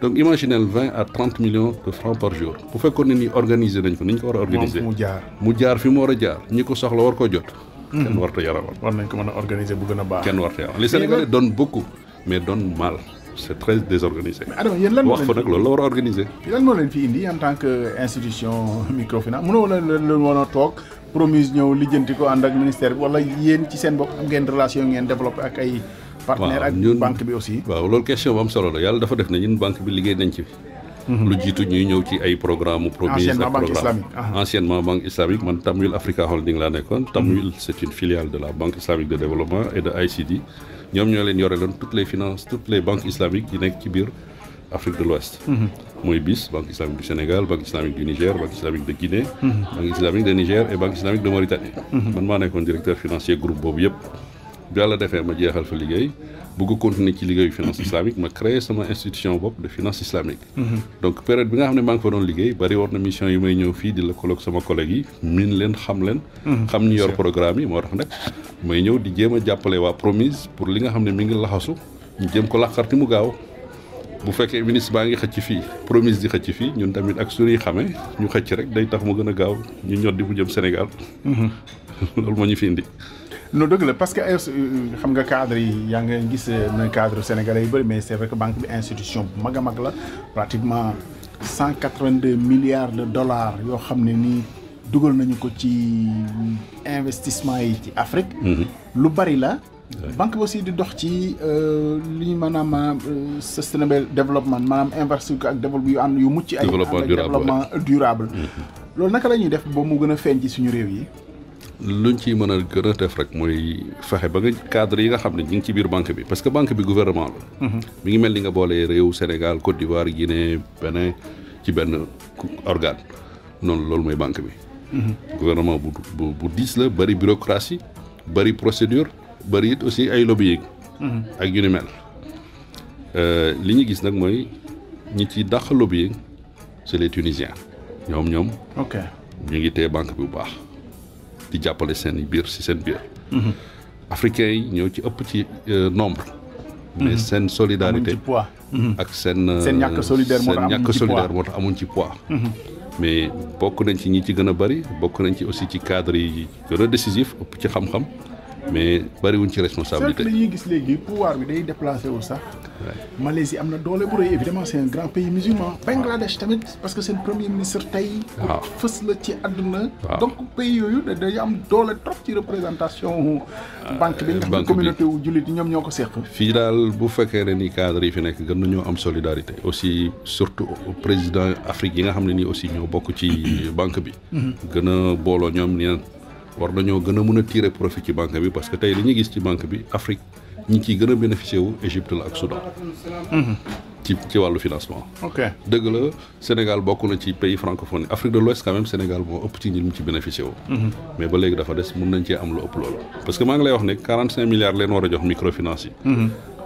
donc imaginez vingt à trente millions de francs par jour bu fekkoon ne ni organiser nañ ko ni ñu ko war a organiser mu jaar mu jaar fi mu war a jaar ñi ko soxla war ko jot. kenn warta yaramal war nañ ko mën a organiser bu gën a baax. kenn warta yaramal les sénégalais donne beaucoup mais donne mal c'est très désorganisé. alors yéen lan la war organiser. lan moo leen fi indi en tant que institution microfinance mënoo leen leen woon a toog promise ñëw lijjanti ko ànd ak ministère wala yéen ci seen bokk am ngeen relation ngeen développer ak ay. partenaires ak banque bi aussi. waaw loolu question bu am solo la yàlla dafa def ne ñun banque bi liggéey nañ ci. Mm-hmm. lu jiitu ñuy ñëw ci ay programme promise ak programme ah. anciennement banque islamique man Tamwil Africa Holding laa nekkoon mm-hmm. Tamwil c' est une filiale de la banque islamique de développement et de ICD ñoom ñoo leen yore loon toutes les finances toutes les banques islamiques yi nekk ci biir Afrique de l'Ouest mm-hmm. mooy BIS banque islamique du Sénégal banque islamique du Niger banque islamique de Guinée banque islamique de Niger et banque islamique de Mauritanie man maa nekkoon boobu yëpp bi yàlla defee ma jéxal fa liggéey bëgg continuer ci liggéeyu finance islamique ma créé sama institution bop de finance islamique mhm. donc période bi nga xamné ma nga fa doon liggéey bari woon na mission yi may ñëw fi di la kolok sama collègue yi min leen xam leen mhm. xam ñu yor programme yi mo tax nak may ñëw di jéma jappalé wa promise pour li nga xamné mi ngi laxasu ñu jëm ko làqarti mu gaaw bu fekke ministre baa ngi xëcc fi promise di xëcc fi ñun tamit ak suñu xamé ñu xëc rek day tax mu gëna gaaw ñu di bu jëm Sénégal mhm. [laughs] loolu moo ñu fi indi non dëgg parce que euh, euh, xam nga cadre yi yaa nga gis euh, na cadre sénégalais yu mais c'est vrai que banque bi institution bu la pratiquement 182 milliards de dollars yoo xam ni nii dugal nañu ko ci investissement en Afrique mhm. lu bari la banque aussi di dox ci li ñu maanaam sustainable development, maanaam investir ko ak développement yu yu développement durable mhm. loolu naka la ñuy def ba mu gën a ci suñu réew yi luñ ci mën a gën a def rek mooy fexe ba nga cadre yi nga xam ne ñu ngi ci biir banque bi parce que banque bi gouvernement la mhm. mi ngi mel ni nga boolee réew sénégal côte d'ivoire guinée benin ci benn organe noonu loolu mooy banque bi mhm. gouvernement bu bu bu la bari bureaucratie bari procédure bari it aussi ay lobby mhm. ak yu ni mel euh, li ñu gis nag mooy ñi ci dàq lobby ce c' est les tunisiens ñoom ñoom ok ñu ngi téye banque bi bu baax di jàppale seen biir si seen biir. Mhm. africains yi ñëw ci ëpp ci euh, nombre. Mhm. mais seen solidarité mhm. ak seen. Euh, seen ñàkk solidaire moo tax amuñ ci poids moo tax amuñ ci poids. mais bokk nañ ci ñi ci gën a bari bokk nañ ci aussi ci cadre yi gën a décisif ëpp ci xam-xam. mais bariwuñ ci responsabilité. li ñuy gis léegi pouvoir bi day déplacé wu sax. Malaisie am na doole bu rëy évidemment seen un grand pays musulman. Bangladesh tamit parce que seen premier ministre tey. waaw ah. fës la ci àdduna. Ah. donc pays yooyu dañu am doole trop ci représentation. Ah, banque bi ndax communauté wu jullit ñoom ñoo ko seq. fii daal bu fekkee ne ni cadre yi fi nekk gën ñoo am solidarité aussi surtout président Afrique yi nga xam ne nii aussi ñoo bokk ci banque bi. Mhm. gën a booloo ñoom war nañoo gën a mën a tirer profit ci banque bi parce que tey li ñu gis ci banque bi Afrique ñi ci gën a bénéficié wu Égypte la ak Soudan. Mhm. ci ci wàllu financement. ok dëgg la Sénégal bokk na ci pays francophone Afrique de l'Ouest quand même Sénégal moo ëpp ci ñi ci bénéficié wu. Mhm. mais ba léegi dafa des mën nañ cee am lu ëpp loolu. parce que maa ngi lay wax ne 45 milliards leen war a jox microfinance yi. Mhm.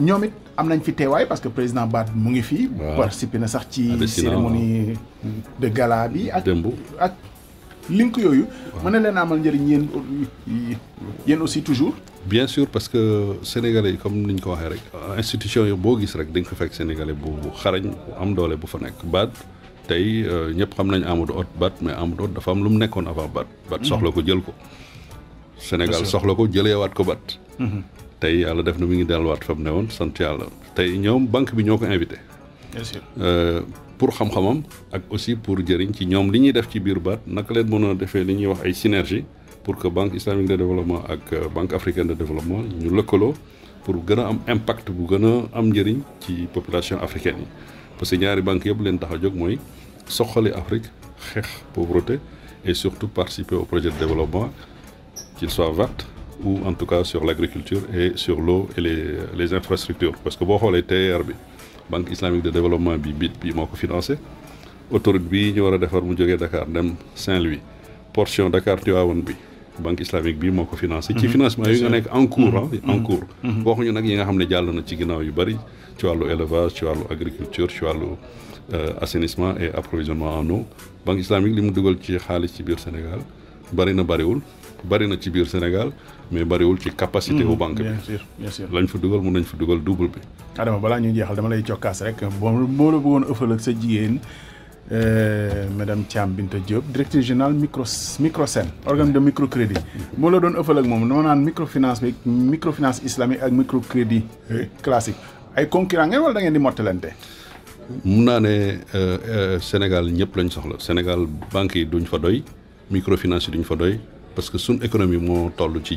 ñoom it am nañ fi teewaay parce que président Baat mu ngi fi. participer na sax ci cérémonie de gala bi ak ak link yooyu. mën na leen amal njëriñ yéen yéen aussi toujours. bien sûr parce que sénégalais yi comme niñ ko waxee rek institution yi boo gis rek dañ ko fekk sénégalais bu xarañ am doole bu fa nekk Baat tey euh, ñëpp xam nañ Amadou Hott Baat mais Amadou Hott dafa am lu mu nekkoon avant Baat. Baat hmm. soxla ko jël ko. Sénégal soxla ko jëleewaat ko Baat. Hmm tey yàlla def na mi ngi delluwaat fa mu ne woon sant yàlla tey ñoom banque bi ñoo ko invité. Euh, pour xam-xamam ak aussi pour jëriñ ci ñoom li ñuy def ci biir baat naka leen mën a defee li ñuy wax ay synergie pour que banque islamique de développement ak euh, banque africaine de développement ñu lëkkaloo pour gën a am impact bu gën a am njëriñ ci population africaine yi parce que ñaari banque yëpp leen tax a jóg mooy soxali Afrique xeex pauvreté et surtout participer au projet de développement qu'il soit vert ou en tout cas sur l'agriculture et sur l'eau et les, les, infrastructures. Parce que bon xoolee terre, bi banque islamique de développement bi BID bi moo ko financé autoroute bi ñu war a defar mu jógee Dakar dem Saint-Louis portion Dakar Tivaouane bi banque islamique bi moo qui financé. ci mhm. financement yi nekk en cours hein, mhm. en cours. Mhm. waxuñu il yi nga a qui ont na ci ginnaaw yu bëri ci wàllu élevage ci wàllu agriculture ci wàllu euh, assainissement et approvisionnement en eau banque islamique li mu dugal ci xaalis ci biir Sénégal bëri na bëriwul bëri na ci biir Sénégal. mais bariwul ci capacité wu mm-hmm. banque bi bien sûr bien sûr lañ fa duggal mu nañ fa duggal double bi adama bala ñu jéxal dama lay cokkaas rek bo mo la bëggoon ëffal ak sa jigéen euh, madame Thiam Binta Diop directrice général micro microsen organe de microcrédit mm-hmm. mo la doon ëffal ak mom no naan microfinance bi microfinance islamique ak microcrédit euh, classique ay concurrent ngeen wala da ngeen di mottalante mun naa euh, euh Sénégal ñëpp lañ soxla Sénégal banque yi duñ fa doy microfinance yi duñ fa doy parce que son économie mo ci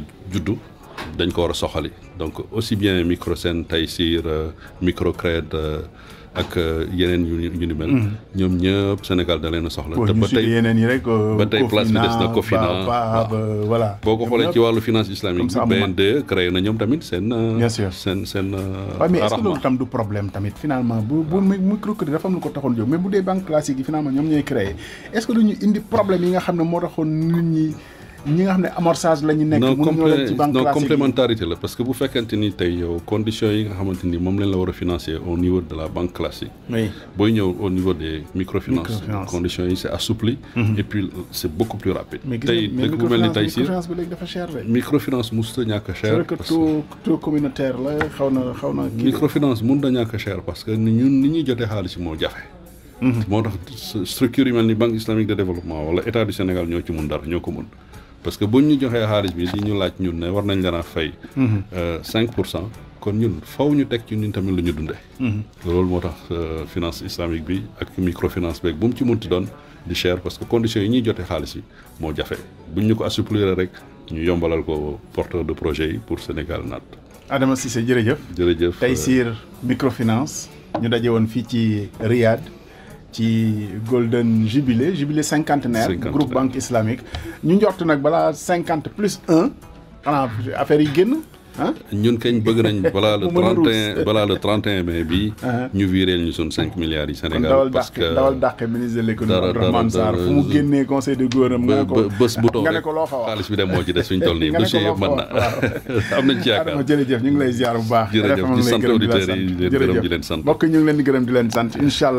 donc aussi bien Microsen Taïsir, euh, Microcred euh, ak euh, yenen yu ñu ni mel. Mm-hmm. Sénégal da soxla. ba yi rek. voilà. islamique BND créé na tamit mais est-ce tam du problème tamit finalement bu dafa am lu ko mais bu banque classique finalement est-ce que problème yi nga ñi nga xam ne amorçage la ñu nekk. mënuñoo leen ci banque non complémentarité la parce que bu fekkente ni tey yow conditions yi nga xamante ni moom leen la war a financer au niveau de la banque classique. oui booy ñëw au niveau des microfinances. condition yi c' est assoupli. Mhm. et puis euh, c' est beaucoup plus rapide. tey dëkk bu mel ni tey si microfinance bi léegi dafa cher mosut a ñàkk cher. parce que taux taux communautaire la xaw na xaw na. microfinance mun na ñàkk cher parce que ñun ni ñuy jotee xaalis moo jafe. Mhm. moo tax structure yu mel ni banque islamique de développement wala état du Sénégal ñoo ci mun dara ñoo ko mun parce que buñ ñu joxee xaalis bi di ñu laaj ñun ne war nañ leen a fay. 5 mhm. euh, kon ñun faaw ñu tek ci ñun tamit lu ñu dundee. Mhm. lool motax tax euh, finance islamique bi ak microfinance bek bu mu ci munti doon di cher parce que condition yi ñi jotee xaalis yi mo jafé buñ ñu ko assouplir rek ñu yombalal ko porteur de projet yi pour Sénégal nat Adama Cissé jërëjëf. jërëjëf Taysiir euh, microfinance ñu dajé won fi ci Riyad qui golden jubilé jubilé cinquantenaire groupe banque islamique Nous ñort nak 50 plus 1 affaire yi génn ah ñun kañ bëgg nañ [laughs] balaa le 31 balaa le 31 mai bii. [laughs] Uh-huh. ñu viréel ñu sun 5 milliards yi Sénégal. parce que dawal dàqe ministre de l'économie Abdourahmane Sarr fu mu génnee conseil de gouvernement. ba xaalis bi dem moo ci suñ toll nii. dossier [laughs] yëpp na am nañ ci yaakaar. jërëjëf ñu ngi lay ziar bu baax. jërëjëf di yi di leen gërëm di leen sant. mbokk ñu ngi leen di gërëm di leen sant incha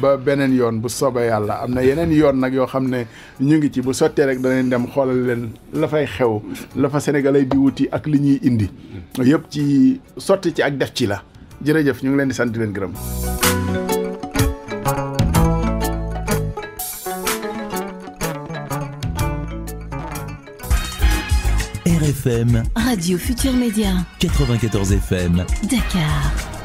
ba beneen yoon bu soobee yàlla am na yeneen yoon nag yoo xam ne ñu ngi ci bu sottee rek danañ dem xoolal leen la fay xew la fa sénégal sénégalais di wuti ak li ñuy indi Mm. yëpp ci sotti ci ak def ci la jërëjëf ñu ngi leen di sant di leen gërëm. Radio Futur Média. 94 FM. Dakar.